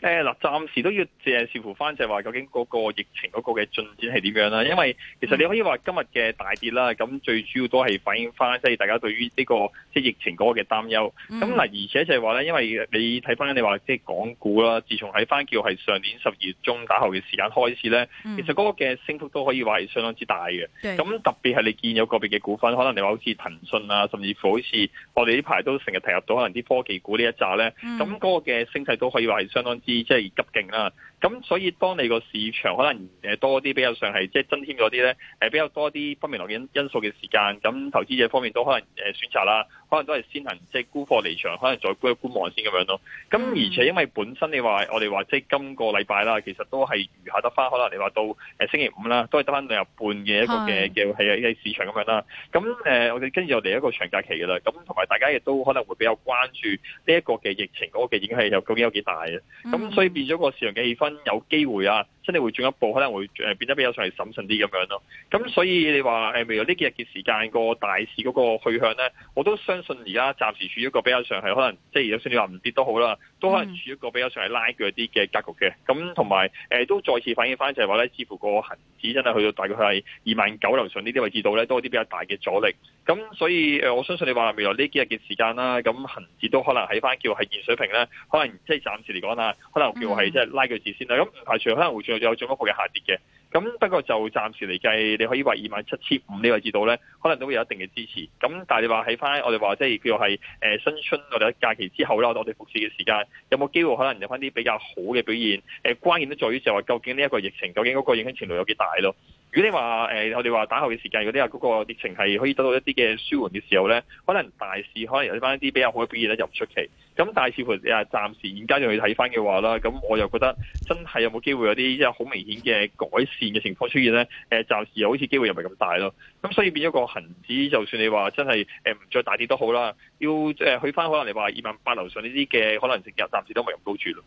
誒嗱，暫、呃、時都要借視乎翻，就係話究竟嗰個疫情嗰個嘅進展係點樣啦。因為其實你可以話今日嘅大跌啦，咁最主要都係反映翻即係大家對於呢、這個即係、就是、疫情嗰個嘅擔憂。咁嗱、嗯，而且就係話咧，因為你睇翻你話即係港股啦，自從喺翻叫係上年十二月中打後嘅時間開始咧，嗯、其實嗰個嘅升幅都可以話係相當之大嘅。咁、嗯、特別係你見有個別嘅股份，可能你話好似騰訊啊，甚至乎好似我哋呢排都成日提及到可能啲科技股一呢一紮咧，咁嗰個嘅升勢都可以話係相當。嗯嗯即係急勁啦、啊，咁所以當你個市場可能誒多啲比較上係，即、就、係、是、增添咗啲咧誒比較多啲不明朗因因素嘅時間。咁投資者方面都可能誒選擇啦。可能都係先行即係沽貨離場，可能再沽一觀望先咁樣咯。咁而且因為本身你話我哋話即係今個禮拜啦，其實都係餘下得翻，可能你話到誒、呃、星期五啦，都係得翻兩日半嘅一個嘅嘅係嘅市場咁樣啦。咁誒，我哋跟住又嚟一個長假期噶啦。咁同埋大家亦都可能會比較關注呢一個嘅疫情嗰個嘅影響又究竟有幾大嘅。咁所以變咗個市場嘅氣氛有機會啊。真係會進一步，可能會誒變得比較上係審慎啲咁樣咯。咁所以你話誒未來呢幾日嘅時間個大市嗰個去向咧，我都相信而家暫時處於一個比較上係可能即係有啲你話唔跌都好啦，都可能處於一個比較上係拉鋸啲嘅格局嘅。咁同埋誒都再次反映翻就係話咧，似乎個恆指真係去到大概係二萬九樓上呢啲位置度咧，多啲比較大嘅阻力。咁所以誒，我相信你話未來呢幾日嘅時間啦，咁恆指都可能喺翻叫係現水平咧，可能即係暫時嚟講啦，可能叫係即係拉鋸字先啦。咁排除可能會有進一步嘅下跌嘅，咁不過就暫時嚟計，你可以話二萬七千五呢個至到咧，可能都會有一定嘅支持。咁但係你話喺翻我哋話即係叫係誒新春我哋假期之後啦，我哋復市嘅時間有冇機會可能有翻啲比較好嘅表現？誒關鍵都在於就係究竟呢一個疫情，究竟嗰個影響程度有幾大咯？如果你話誒、呃，我哋話打後嘅時間嗰啲啊，嗰個疫情係可以得到一啲嘅舒緩嘅時候呢，可能大市可能有翻一啲比較好嘅表現呢，又唔出奇。咁但係似乎誒暫時現階段仲要睇翻嘅話啦，咁我又覺得真係有冇機會有啲即係好明顯嘅改善嘅情況出現咧？誒、呃、暫時又好似機會又唔係咁大咯。咁所以變咗個恒指，就算你話真係誒唔再大跌都好啦，要誒去翻可能你話二萬八樓上呢啲嘅，可能性暫時都未入高處咯。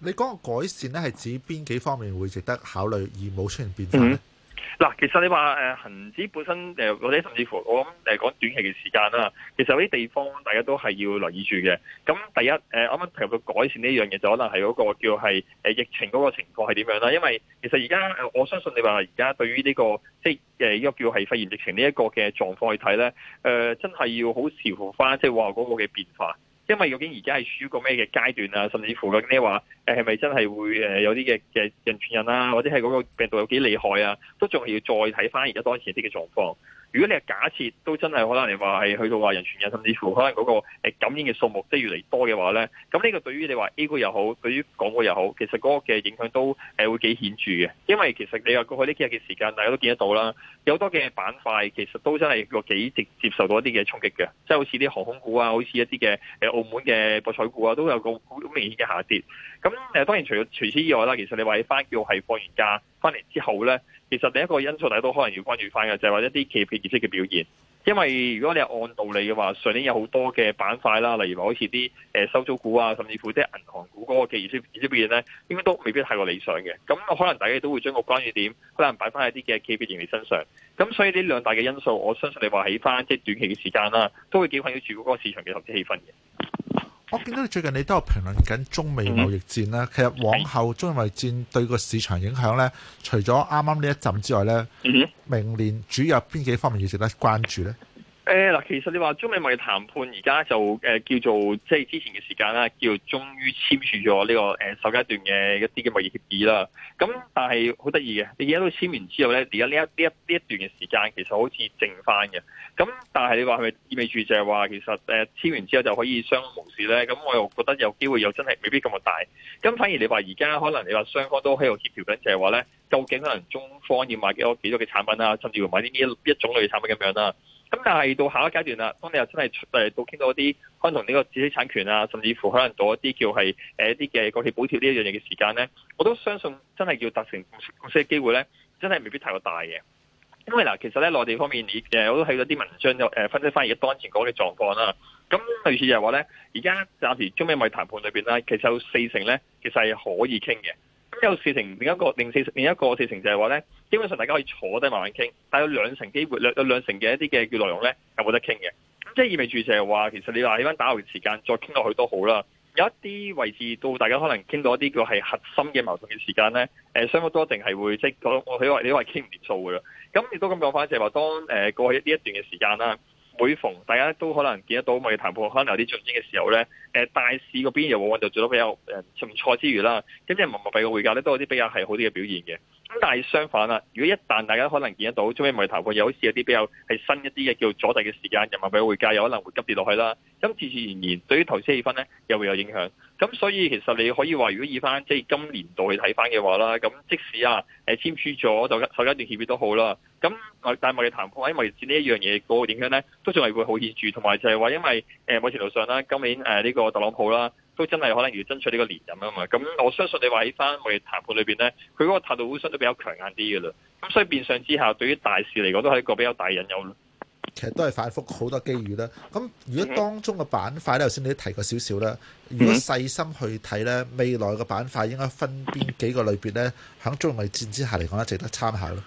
你嗰個改善咧係指邊幾方面會值得考慮而冇出現變化咧？嗱、嗯，其實你話誒、呃、恒指本身誒或者甚至乎我諗講短期嘅時間啦，其實有啲地方大家都係要留意住嘅。咁第一誒啱啱提到改善呢樣嘢，就可能係嗰個叫係誒疫情嗰個情況係點樣啦。因為其實而家誒我相信你話而家對於呢、這個即係誒呢個叫係肺炎疫情呢一個嘅狀況去睇咧，誒、呃、真係要好視乎翻即係話嗰個嘅變化。因為究竟而家係處於個咩嘅階段啊，甚至乎嘅你話誒係咪真係會誒有啲嘅嘅人傳人啊，或者係嗰個病毒有幾厲害啊，都仲係要再睇返而家當時啲嘅狀況。如果你係假設都真係可能，你話係去到話人傳人，甚至乎可能嗰個感染嘅數目即係越嚟越多嘅話咧，咁呢個對於你話 A 股又好，對於港股又好，其實嗰個嘅影響都誒會幾顯著嘅。因為其實你話過去呢幾日嘅時間，大家都見得到啦。有多嘅板塊其實都真係個幾直接受到一啲嘅衝擊嘅，即係好似啲航空股啊，好似一啲嘅誒澳門嘅博彩股啊，都有個好明顯嘅下跌。咁誒當然除咗除此之外啦，其實你話翻叫係放完假翻嚟之後咧。其實第一個因素大家都可能要關注翻嘅，就係話一啲企業業績嘅表現。因為如果你按道理嘅話，上年有好多嘅板塊啦，例如話好似啲誒收租股啊，甚至乎即係銀行股嗰個嘅業績業績表現咧，應該都未必太過理想嘅。咁可能大家都會將個關注點可能擺翻喺啲嘅企業盈利身上。咁所以呢兩大嘅因素，我相信你話起翻即係短期嘅時間啦，都會幾困擾住嗰個市場嘅投資氣氛嘅。我見到你最近你都有評論緊中美貿易戰啦、啊，其實往後中美貿易戰對個市場影響呢，除咗啱啱呢一陣之外呢，明年主要有邊幾方面要值得關注呢？誒，嗱，其實你話中美貿易談判而家就誒叫做即係之前嘅時間啦，叫終於簽署咗呢個誒首階段嘅一啲嘅貿易協議啦。咁但係好得意嘅，你而家都簽完之後咧，而家呢一呢一呢一段嘅時間其實好似剩翻嘅。咁但係你話係咪意味住就係話其實誒簽完之後就可以相安無事咧？咁我又覺得有機會又真係未必咁大。咁反而你話而家可能你話雙方都喺度協調緊，就係話咧，究竟可能中方要買幾多幾多嘅產品啊，甚至乎買啲呢一一種類嘅產品咁樣啦。咁但係到下一階段啦，當你又真係誒到傾到一啲可能同呢個知識產權啊，甚至乎可能做一啲叫係誒一啲嘅國企補貼呢一樣嘢嘅時間咧，我都相信真係要達成共識嘅機會咧，真係未必太過大嘅。因為嗱，其實咧內地方面，誒我都睇咗啲文章，就、呃、誒分析翻而家當前嗰個狀況啦。咁類似就係話咧，而家暫時中美貿易談判裏邊咧，其實有四成咧，其實係可以傾嘅。一個事情，另一個另四另一個事情就係話咧，基本上大家可以坐低慢慢傾，但有兩成機會，兩有兩成嘅一啲嘅叫內容咧係冇得傾嘅，即係意味住就係話，其實你話起翻打後嘅時間再傾落去都好啦，有一啲位置到大家可能傾到一啲叫係核心嘅矛盾嘅時間咧，誒雙方都一定係會即係我我你話你話傾唔掂數嘅啦，咁亦都咁講翻就係話，當誒、呃、過去呢一段嘅時間啦。每逢大家都可能見得到貿易談判可能有啲進展嘅時候咧，誒、呃、大市嗰邊又往往就做得比較誒唔錯之餘啦，咁即係人民幣嘅匯價咧都有啲比較係好啲嘅表現嘅。咁但係相反啦，如果一旦大家可能見得到，中美貿易談判又好似有啲比較係新一啲嘅叫阻滯嘅時間，人民幣匯價有可能會急跌落去啦。咁、嗯、自自然然對於投資氣氛咧又會有影響。咁所以其實你可以話，如果以翻即係今年度去睇翻嘅話啦，咁即使啊誒簽署咗就首階段協議都好啦，咁我但係中美嘅談判，因為因呢一樣嘢嗰個點樣咧，都仲係會好顯著，同埋就係話，因為誒、呃、某程度上啦，今年誒呢、呃這個特朗普啦，都真係可能要爭取呢個連任啊嘛，咁我相信你話喺翻中美談判裏邊咧，佢嗰個態度本身都比較強硬啲嘅嘞，咁所以變相之下，對於大市嚟講都係一個比較大引誘咯。其實都係反覆好多機遇啦。咁如果當中嘅板塊咧，頭先你都提過少少啦。如果細心去睇咧，未來嘅板塊應該分邊幾個類別咧，喺中美戰之下嚟講咧，值得參考咯。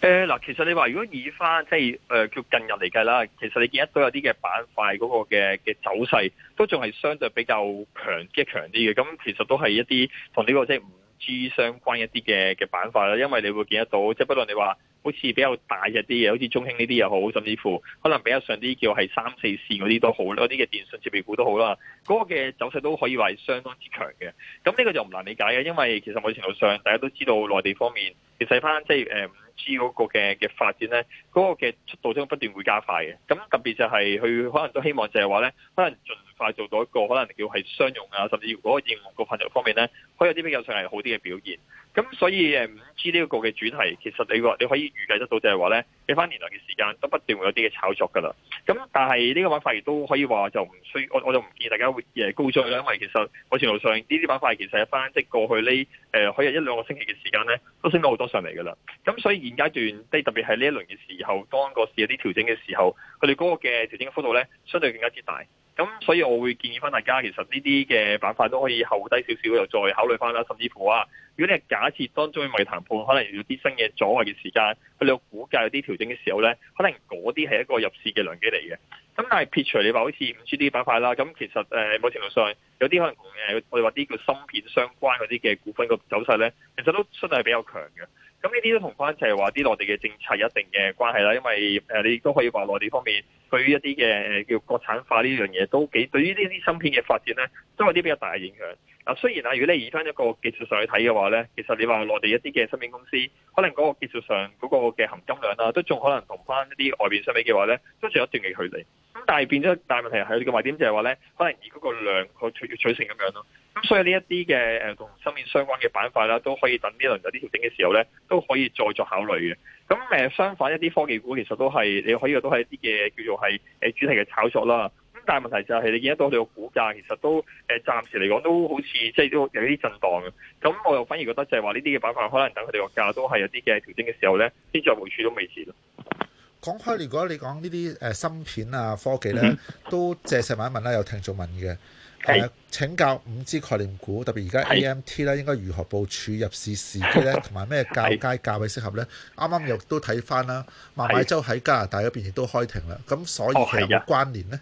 誒嗱、呃，其實你話如果以翻即係誒、呃、叫近日嚟計啦，其實你見到有啲嘅板塊嗰個嘅嘅走勢都仲係相對比較強即係強啲嘅。咁其實都係一啲同呢個即係五 G 相關一啲嘅嘅板塊啦。因為你會見得到，即係不論你話。好似比較大嘅啲嘢，好似中興呢啲又好，甚至乎可能比較上啲叫係三四線嗰啲都好啦，嗰啲嘅電信設備股都好啦，嗰、嗰個嘅走勢都可以話係相當之強嘅。咁呢個就唔難理解嘅，因為其實某程度上大家都知道內地方面，你睇翻即係誒。呃 5G 嗰個嘅嘅發展咧，嗰、那個嘅速度將不斷會加快嘅。咁特別就係佢可能都希望就係話咧，可能盡快做到一個可能叫係商用啊，甚至如果應用個範疇方面咧，可以有啲比較上係好啲嘅表現。咁所以誒，5G 呢個嘅主題，其實你話你可以預計得到就係話咧，睇翻年來嘅時間都不斷會有啲嘅炒作㗎啦。咁但係呢個玩法亦都可以話就唔需，我我就唔建議大家會誒高追啦，因為其實我前路上呢啲板塊其實一翻即過去呢誒，可以一兩個星期嘅時間咧，都升咗好多上嚟㗎啦。咁所以。階段，即係特別係呢一輪嘅時候，當個市有啲調整嘅時候，佢哋嗰個嘅調整嘅幅度咧，相對更加之大。咁所以，我會建議翻大家，其實呢啲嘅板塊都可以後低少少，又再考慮翻啦。甚至乎啊，如果你係假設當中美談判，可能有啲新嘅阻礙嘅時間，佢哋個估價有啲調整嘅時候咧，可能嗰啲係一個入市嘅良機嚟嘅。咁但係撇除你話好似五 G 啲板塊啦，咁其實誒某程度上有啲可能誒、呃，我哋話啲叫芯片相關嗰啲嘅股份個走勢咧，其實都相對係比較強嘅。咁呢啲都同翻就係話啲內地嘅政策有一定嘅關係啦，因為誒、呃、你亦都可以話內地方面對於一啲嘅誒叫國產化呢樣嘢都幾對於呢啲芯片嘅發展咧，都有啲比較大嘅影響。啊，雖然啊，如果你以翻一個技術上去睇嘅話咧，其實你話內地一啲嘅芯片公司，可能嗰個技術上嗰個嘅含金量啊，都仲可能同翻一啲外邊相比嘅話咧，都仲有一定嘅距離。咁但係變咗，大問題係個賣點就係話咧，可能以嗰個量去取取勝咁樣咯。咁所以呢一啲嘅誒同芯片相關嘅板塊啦、啊，都可以等呢輪有啲調整嘅時候咧，都可以再作考慮嘅。咁誒相反一啲科技股其實都係你可以都係一啲嘅叫做係誒主題嘅炒作啦。但係問題就係，你見得到佢個股價，其實都誒，暫時嚟講都好似即係都有啲震盪嘅。咁我又反而覺得就係話呢啲嘅板塊，可能等佢哋個價都係有啲嘅調整嘅時候咧，先再務處都未遲咯。講開，如果你講呢啲誒芯片啊科技咧，嗯、哼都借勢問一問啦，有聽眾問嘅誒。是請教 5G 概念股，特別而家 AMT 咧是，應該如何部署入市時機咧？同埋咩較佳價位適合咧？啱啱是又都睇翻啦，孟晚舟喺加拿大嗰邊亦都開庭啦。咁所以其實有冇關聯咧？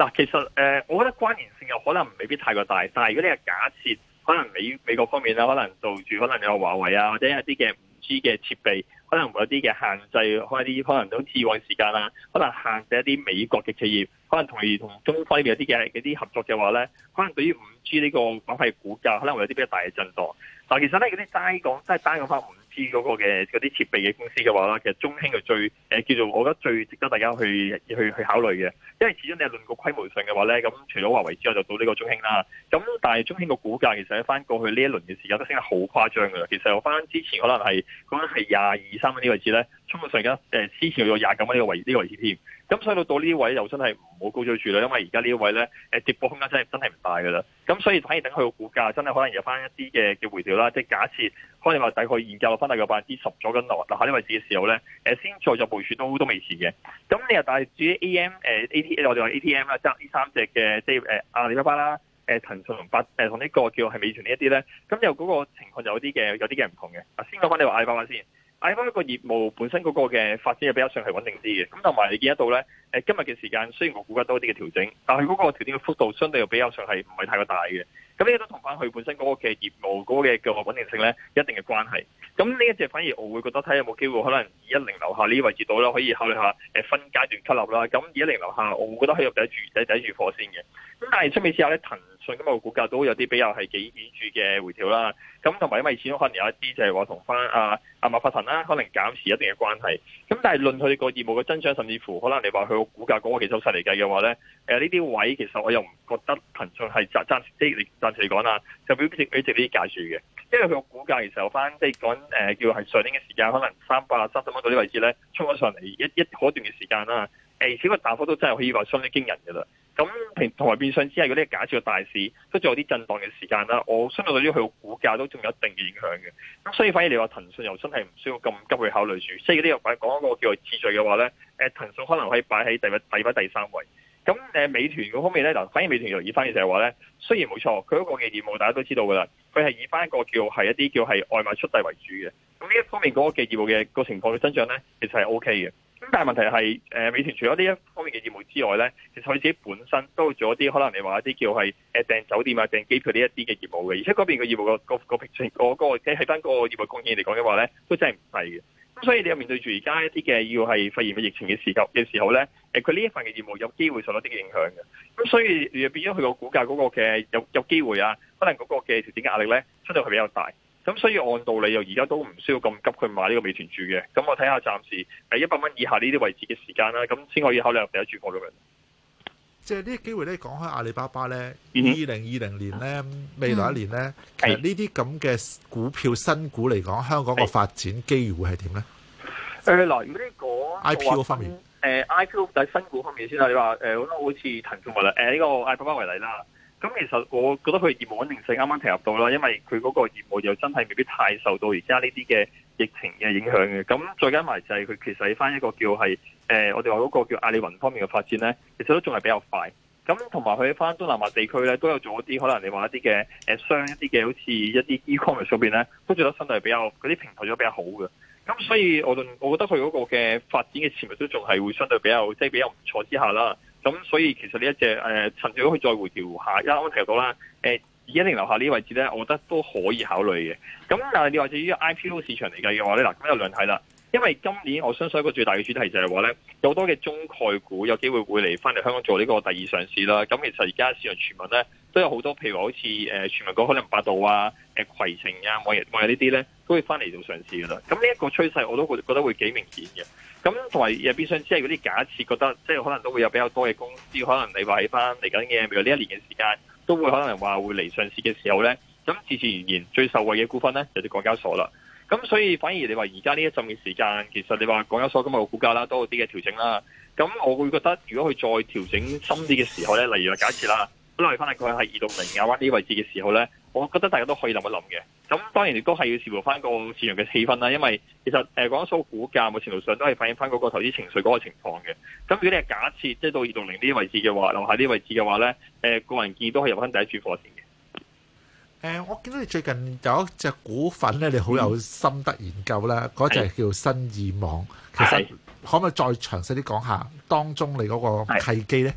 嗱，其實誒、呃，我覺得關聯性又可能未必太過大，但係如果你係假設，可能美美國方面啦，可能做住可能有華為啊或者一啲嘅五 G 嘅設備，可能有啲嘅限制，開啲可能都置慧時間啊，可能限制一啲美國嘅企業，可能同同中方面有啲嘅啲合作嘅話咧，可能對於五 G 呢個反係股價，可能會有啲比較大嘅震盪。但其實咧嗰啲齋講即係單講翻。知嘅啲設備嘅公司嘅話啦，其實中興就最誒、呃、叫做我覺得最值得大家去去去考慮嘅，因為始終你係論個規模上嘅話咧，咁除咗華為之外就到呢個中興啦。咁但係中興個股價其實喺翻過去呢一輪嘅時間都升得好誇張嘅啦。其實我翻之前可能係可能係廿二三蚊呢位置咧。初步上緊，誒、呃、之前有廿九蚊呢個位呢、呢個位置添，咁所以到到呢位又真係唔好高追住啦，因為而家呢位咧，誒跌幅空間真係真係唔大嘅啦。咁所以反而等佢個股價真係可能有翻一啲嘅嘅回調啦。即係假設可能話大概現價落翻大概百分之十左右，嗱喺呢位置嘅時候咧，誒、呃、先再做部署都都未遲嘅。咁你又但係至於 A M 誒 A T 我哋話 A T M 啦，即係呢三隻嘅即係誒阿里巴巴啦，誒騰訊同八誒同呢個叫係美團呢一啲咧，咁又嗰個情況就有啲嘅有啲嘅唔同嘅。啊，先講翻你話阿里巴巴先。捱翻一個業務本身嗰個嘅發展又比較上係穩定啲嘅，咁同埋你見得到咧，誒今日嘅時間雖然我估得多啲嘅調整，但係嗰個調整嘅幅度相對又比較上係唔係太過大嘅，咁呢啲都同翻佢本身嗰個嘅業務嗰個嘅個穩定性咧一定嘅關係。咁呢一隻反而我會覺得睇有冇機會可能二一零樓下呢啲位置到啦，可以考慮下誒分階段出樓啦。咁二一零樓下，我會覺得喺度抵住抵抵住火先嘅。咁但係出面之後咧，騰訊咁嘅股價都有啲比較係幾顯著嘅回調啦。咁同埋因為始終可能有一啲就係話同翻阿阿馬化騰啦，可能減持一定嘅關係。咁但係論佢個業務嘅增長，甚至乎可能你話佢個股價講個技術差嚟計嘅話咧，誒呢啲位其實我又唔覺得騰訊係暫暫時即係暫時嚟講啦，就表示表表示啲解住嘅。因為佢個股價其實有翻即係講誒叫係上年嘅時間，可能三百三十蚊到呢位置咧衝咗上嚟一一段嘅時間啦。誒，而且個大幅都真係可以話相當驚人嘅啦。咁平同埋變相之下，嗰啲假設個大市都仲有啲震盪嘅時間啦。我相信對於佢個股價都仲有一定嘅影響嘅。咁所以反而你話騰訊又真係唔需要咁急去考慮住。所以呢個講講一個叫秩序嘅話咧，誒、呃、騰訊可能可以擺喺第第翻第三位。咁誒美團嗰方面咧，嗱反而美團又以翻嘅就係話咧，雖然冇錯佢嗰個嘅業務大家都知道噶啦，佢係以翻一個叫係一啲叫係外賣出遞為主嘅。咁呢一方面嗰個嘅業務嘅、個情況嘅增長咧，其實係 O K 嘅。但係問題係，誒美團除咗呢一方面嘅業務之外咧，其實佢自己本身都做一啲可能你話一啲叫係誒訂酒店啊、訂機票呢一啲嘅業務嘅，而且嗰邊嘅業務個個個平嗰個即係喺翻嗰個業務貢獻嚟講嘅話咧，都真係唔細嘅。咁所以你又面對住而家一啲嘅要係肺炎嘅疫情嘅時候嘅時候咧，誒佢呢一份嘅業務有機會受到啲影響嘅。咁所以變咗佢個股價嗰個嘅有有機會啊，可能嗰個嘅調整嘅壓力咧，相對係比較大。咁所以按道理又而家都唔需要咁急去買呢個美團住嘅，咁我睇下暫時喺一百蚊以下呢啲位置嘅時間啦，咁先可以考慮入第一注貨咁樣。即係呢個機會咧，講開阿里巴巴咧，二零二零年咧未來一年咧，嗯、其實呢啲咁嘅股票新股嚟講，香港個發展機會係點咧？誒，嗱，如果你講 IPO 方面，誒 IPO 就喺新股方面先啦、啊，你話誒、呃、好多好似騰訊啦，誒、呃、呢、呢個阿里巴巴為例啦。咁其實我覺得佢業務穩定性啱啱提及到啦，因為佢嗰個業務又真係未必太受到而家呢啲嘅疫情嘅影響嘅。咁再加埋就係佢其實喺翻一個叫係誒，我哋話嗰個叫阿里雲方面嘅發展咧，其實都仲係比較快。咁同埋佢翻東南亞地區咧，都有做一啲可能你話一啲嘅誒商一啲嘅，好似一啲 e-commerce 上邊咧，都做得相對比較嗰啲平台咗比較好嘅。咁所以我我覺得佢嗰個嘅發展嘅潛力都仲係會相對比較即係、就是、比較唔錯之下啦。咁所以其實呢，一隻誒趁住都可以再回調下，一啱提到啦，誒二一零樓下呢個位置咧，我覺得都可以考慮嘅。咁但係你話至於 IPO 市場嚟計嘅話咧，嗱咁有兩睇啦，因為今年我相信一個最大嘅主題就係話咧，有多嘅中概股有機會會嚟翻嚟香港做呢個第二上市啦。咁其實而家市場傳聞咧都有好多，譬如話好似誒傳聞講可能百度啊、誒攜程啊、網易、網易呢啲咧，都會翻嚟做上市嘅啦。咁呢一個趨勢我都覺得會幾明顯嘅。咁同埋入都想即係嗰啲假設，覺得即係可能都會有比較多嘅公司，可能你話喺翻嚟緊嘅，譬如呢一年嘅時間，都會可能話會嚟上市嘅時候咧。咁自自然然最受惠嘅股份咧，就係港交所啦。咁所以反而你話而家呢一陣嘅時間，其實你話港交所今日嘅股價啦，多啲嘅調整啦。咁我會覺得，如果佢再調整深啲嘅時候咧，例如話假設啦，本嚟可能佢係二六零亞灣啲位置嘅時候咧。我覺得大家都可以諗一諗嘅，咁當然亦都係要視乎翻個市場嘅氣氛啦。因為其實誒、呃、講數股價目前度上都係反映翻嗰個投資情緒嗰個情況嘅。咁如果你係假設即係到二六零呢啲位置嘅話，樓下呢啲位置嘅話咧，誒、呃、個人建議都係入翻第一注貨先嘅。誒、呃，我見到你最近有一隻股份咧，你好有心得研究啦，嗰隻係叫新意網。是其實可唔可以再詳細啲講下當中你嗰個契機咧？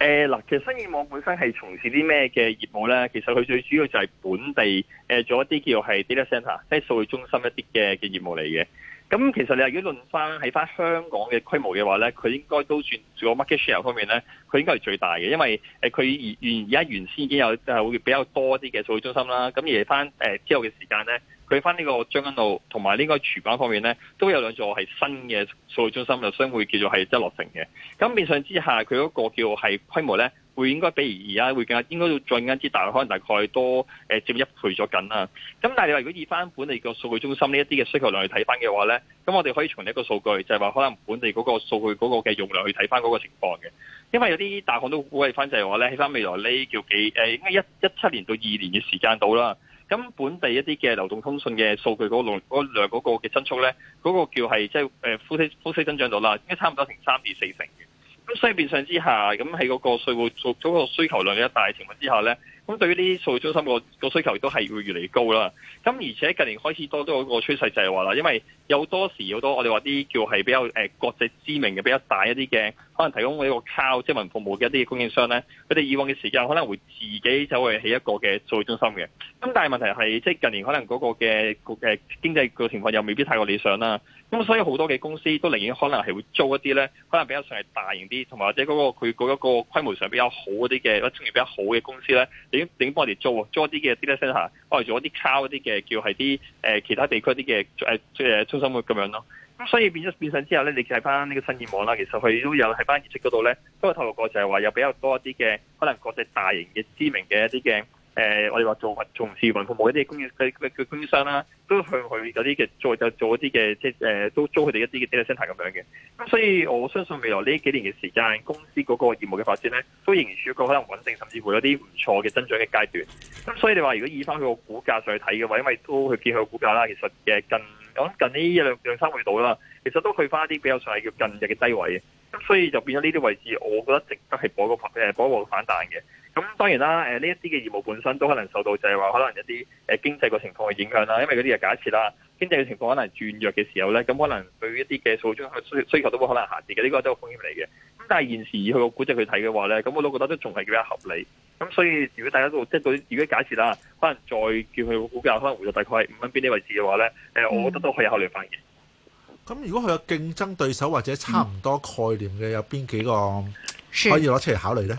誒嗱、呃，其實新意網本身係從事啲咩嘅業務咧？其實佢最主要就係本地誒做一啲叫係 data centre 即係數據中心一啲嘅嘅業務嚟嘅。咁其實你如果論翻喺翻香港嘅規模嘅話咧，佢應該都算做 market share 方面咧，佢應該係最大嘅，因為誒佢而而家原先已經有誒會比較多啲嘅數據中心啦。咁而翻誒之後嘅時間咧，佢翻呢個將軍澳同埋呢個廚房方面咧，都有兩座係新嘅數據中心就相會叫做係即落成嘅。咁變相之下，佢嗰個叫係規模咧。會應該，比而家、啊、會更加應該要再更加啲大，可能大概多誒、呃、接一倍咗緊啦、啊。咁但係你話如果以翻本地個數據中心呢一啲嘅需求量去睇翻嘅話咧，咁我哋可以從一個數據就係、是、話可能本地嗰個數據嗰個嘅用量去睇翻嗰個情況嘅。因為有啲大行都估計翻就係話咧，起翻未來呢叫幾誒、呃、應該一一七年到二年嘅時間到啦。咁本地一啲嘅流動通訊嘅數據嗰個量嗰個嘅增速咧，嗰、那個叫係即係誒複息複息增長到啦，應該差唔多成三至四成嘅。所以變相之下，咁喺嗰個稅務做嗰、嗰個需求量嘅一大情況之下咧，咁對於啲數據中心個、嗰個需求都係會越嚟越高啦。咁而且近年開始多咗一個趨勢就係話啦，因為，有多，有多時好多，我哋話啲叫係比較誒國際知名嘅比較大一啲嘅，可能提供呢一個 cloud，即雲服務嘅一啲供應商咧，佢哋以往嘅時間可能會自己走去起一個嘅數據中心嘅。咁但係問題係，即係近年可能嗰個嘅嘅、嗰個、經濟嘅情況又未必太過理想啦。咁所以好多嘅公司都寧願可能係會租一啲咧，可能比較上係大型啲，同埋或者嗰、嗰個佢嗰一個規模上比較好嗰啲嘅一啲資源比較好嘅公司咧，點點幫我哋租租啲嘅啲咧先外咗啲卡一啲嘅，叫係啲誒其他地區啲嘅誒誒中心咁樣咯。咁所以變咗變相之後咧，你睇翻呢個新意網啦，其實佢都有喺翻業績嗰度咧，都係透露過就係話有比較多一啲嘅可能國際大型嘅知名嘅一啲嘅。誒、呃，我哋話做雲、從事雲服務一啲工業嘅嘅嘅供應商啦，啊，都向佢有啲嘅再有做一啲嘅，即係誒都租佢哋一啲嘅 data centre 咁樣嘅。咁所以我相信未來呢幾年嘅時間，公司嗰個業務嘅發展咧，都仍然處一個可能穩定，甚至乎有啲唔錯嘅增長嘅階段。咁所以你話如果以翻佢個股價上去睇嘅話，因為都去見佢個股價啦，其實嘅近講近呢一兩兩三個月度啦，其實都去翻一啲比較上係叫近日嘅低位。嘅。咁所以就變咗呢啲位置，我覺得值得係搏個，個反誒搏個反彈嘅。咁當然啦，誒呢一啲嘅業務本身都可能受到就係話可能一啲誒經濟個情況嘅影響啦，因為嗰啲嘅假設啦，經濟嘅情況可能轉弱嘅時候咧，咁可能對一啲嘅訴訟需需求都會可能下跌嘅，呢個都係風險嚟嘅。咁但係現時以佢個估值去睇嘅話咧，咁我都覺得都仲係比較合理。咁所以如果大家都即係嗰如果假設啦，可能再叫佢股價可能回到大概係五蚊邊啲位置嘅話咧，誒，我覺得都可以考慮翻嘅。咁、嗯、如果佢有競爭對手或者差唔多概念嘅、嗯、有邊幾個可以攞出嚟考慮咧？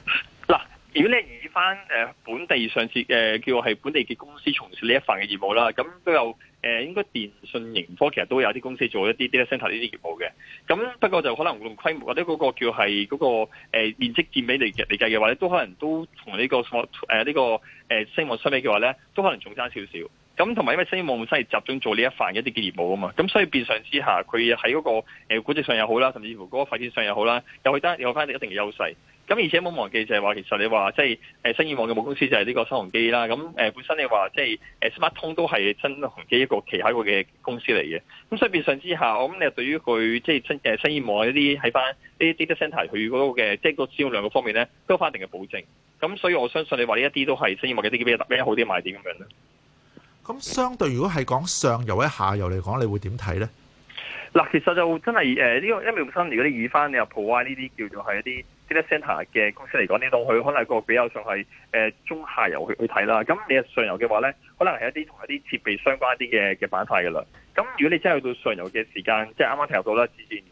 如果你以翻誒本地上市嘅，叫係本地嘅公司從事呢一瓣嘅業務啦，咁都有誒、呃、應該電訊營科其實都有啲公司做一啲 data centre 呢啲業務嘅。咁不過就可能無論規模或者嗰個叫係嗰、嗰個、呃、面積佔比嚟嚟計嘅話，咧都可能都同呢、呢個誒呢、呃呢個誒、呃、星網相比嘅話咧，都可能仲差少少。咁同埋因為星網本身係集中做呢一瓣一啲嘅業務啊嘛，咁所以變相之下佢喺嗰個管、呃、估值上又好啦，甚至乎嗰個發展上又好啦，又得有翻一定嘅優勢。咁而且冇忘記就係話，其實你話即係誒新意網嘅母公司就係呢個新鴻基啦。咁誒、呃、本身你話即係、啊、SmarTone 都係新鴻基一個旗下一個嘅公司嚟嘅。咁所以變相之下，我諗你對於佢即係新誒新意網一啲喺翻呢啲 data centre 佢嗰、那個嘅即係個資量嘅方面咧，都翻一定嘅保證。咁所以我相信你話呢一啲都係新意網嘅啲咩特咩好啲賣點咁樣咧。咁、嗯、相對，如果係講上游喺下游嚟講，你會點睇咧？嗱，其實就真係誒呢個因為新年，如果啲語翻你話 provide 呢啲叫做係一啲。data center 嘅公司嚟講呢，到佢可能係個比較上係誒、呃、中下游去去睇啦。咁你係上游嘅話咧，可能係一啲同一啲設備相關啲嘅嘅板塊噶啦。咁如果你真係去到上游嘅時間，即係啱啱提到啦之前。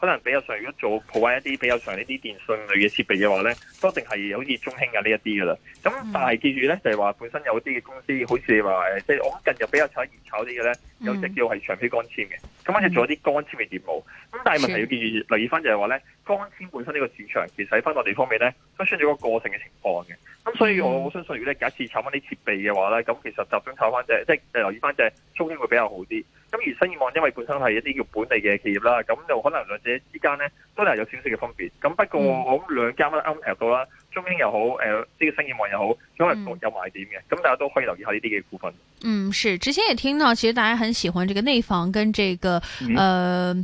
可能比較上如果做鋪開一啲比較上呢啲電信類嘅設備嘅話咧，都一定係好似中興啊呢一啲嘅啦。咁但係記住咧，就係、是、話本身有啲嘅公司，好似你話誒，即、就、係、是、我近日比較炒熱炒啲嘅咧，有隻叫係長飛光纖嘅，咁反而做一啲光纖嘅業務。咁、嗯、但係問題要記住留意翻就係話咧，光纖本身呢個市場其實喺翻內地方面咧，都出咗個過性嘅情況嘅。咁所以我相信呢，如果咧第一次炒翻啲設備嘅話咧，咁其實集中炒翻隻，即、就、係、是、留意翻隻中興會比較好啲。咁而新意網因為本身係一啲叫本地嘅企業啦，咁就可能兩者之間呢都係有少少嘅分別。咁不過我諗兩間都啱睇到啦，中英又好，誒，呢個新意網又好，都係各有賣點嘅。咁大家都可以留意下呢啲嘅股份。嗯，是，之前也聽到，其實大家很喜歡這個內房，跟這個，誒、嗯呃，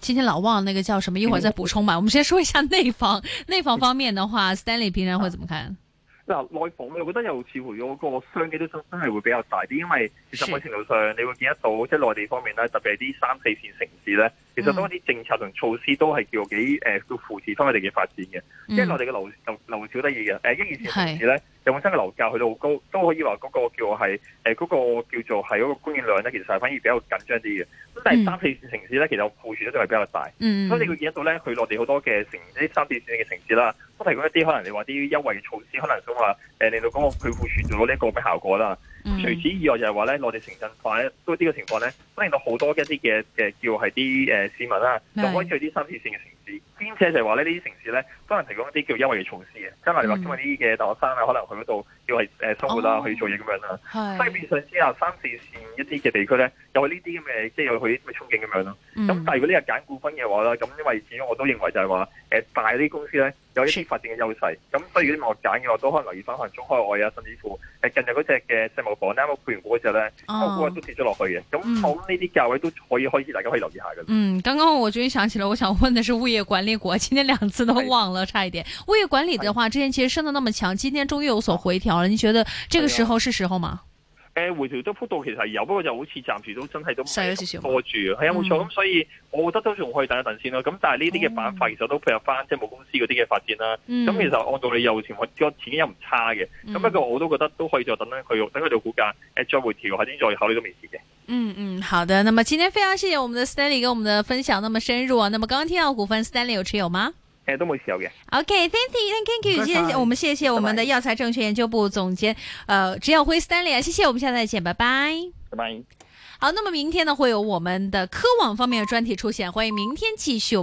今天老忘那個叫什麼，一會兒再補充嘛。我們先說一下內房，內房方面的話，Stanley 平常會怎麼看？即內房，我覺得又似乎嗰個商機都真係會比較大啲，因為其實某程度上你會見得到，是即係內地方面咧，特別係啲三四線城市咧。嗯、其實當一啲政策同措施都係叫幾誒、呃、叫扶持翻我哋嘅發展嘅，即係、嗯、內地嘅樓樓樓少得意嘅。誒一二線城市咧，又是本身嘅樓價去到好高，都可以話嗰個叫我係誒嗰個叫做係嗰個供應量咧，其實係反而比較緊張啲嘅。咁但係三、四線城市咧，其實庫存咧都係比較大，嗯、所以你會見到咧，佢內地好多嘅城啲三、四線嘅城市啦，都提供一啲可能你話啲優惠嘅措施，可能想話誒令到嗰個佢庫存做到呢一個咩效果啦。嗯、除此以外就係話咧，嗯、我哋城鎮化咧都呢、這個情況咧，出現到好多一啲嘅嘅叫係啲誒市民啦、啊，就的可以去啲三四線嘅城。兼且就係話咧，呢啲城市咧，可能提供一啲叫優惠嘅措施嘅，加埋如話今日啲嘅大學生啊，可能去嗰度要係誒生活啊，去、哦、做嘢咁樣啦、啊。係是。所以變相之下，三四線一啲嘅地區咧，有係呢啲咁嘅，即係有佢啲咁嘅憧憬咁樣咯、啊。咁、嗯、但係如果呢日揀股份嘅話咧，咁因為始終我都認為就係話誒大啲公司咧有一啲發展嘅優勢。咁是、嗯、所以如果我揀嘅話，都可能留意翻可能中海外啊，甚至乎誒近日嗰隻嘅世茂房咧，我配完股嗰隻咧，個股都跌咗落去嘅。咁我呢啲價位都可以開始，大家可以留意下嘅。嗯，剛剛我終於想起了，我想問嘅是物業管理股今天兩次都忘了，差一點。物業管理的話，之前其實升得那麼強，今天終於有所回調了。你覺得這個時候是時候嗎？哎誒，回調都幅度其實有，不過就好似暫時都真係都細咗少少，拖住係啊，冇錯、嗯。咁所以我覺得都仲可以等一等先啦。咁、嗯、但係呢啲嘅板塊其實都配合翻即係冇公司嗰啲嘅發展啦。咁、嗯、其實按道理又前我個錢又唔差嘅。咁、嗯、不過我都覺得都可以再等一佢，等佢做股價誒再回調下先，再考慮未遲嘅。嗯嗯，好的。那麼今天非常謝謝我們的 Stanley 跟我們的分享，那麼深入啊。那麼剛剛聽到股份 Stanley 有持有嗎？誒，都冇持有嘅。OK，thank you，thank you，今天我們謝謝我們的藥材證券研究部總監，呃，植耀輝 Stanley，謝謝，我們下次再見，拜拜。拜拜。好，那麼明天呢會有我們的科網方面的專題出現，歡迎明天繼續我們。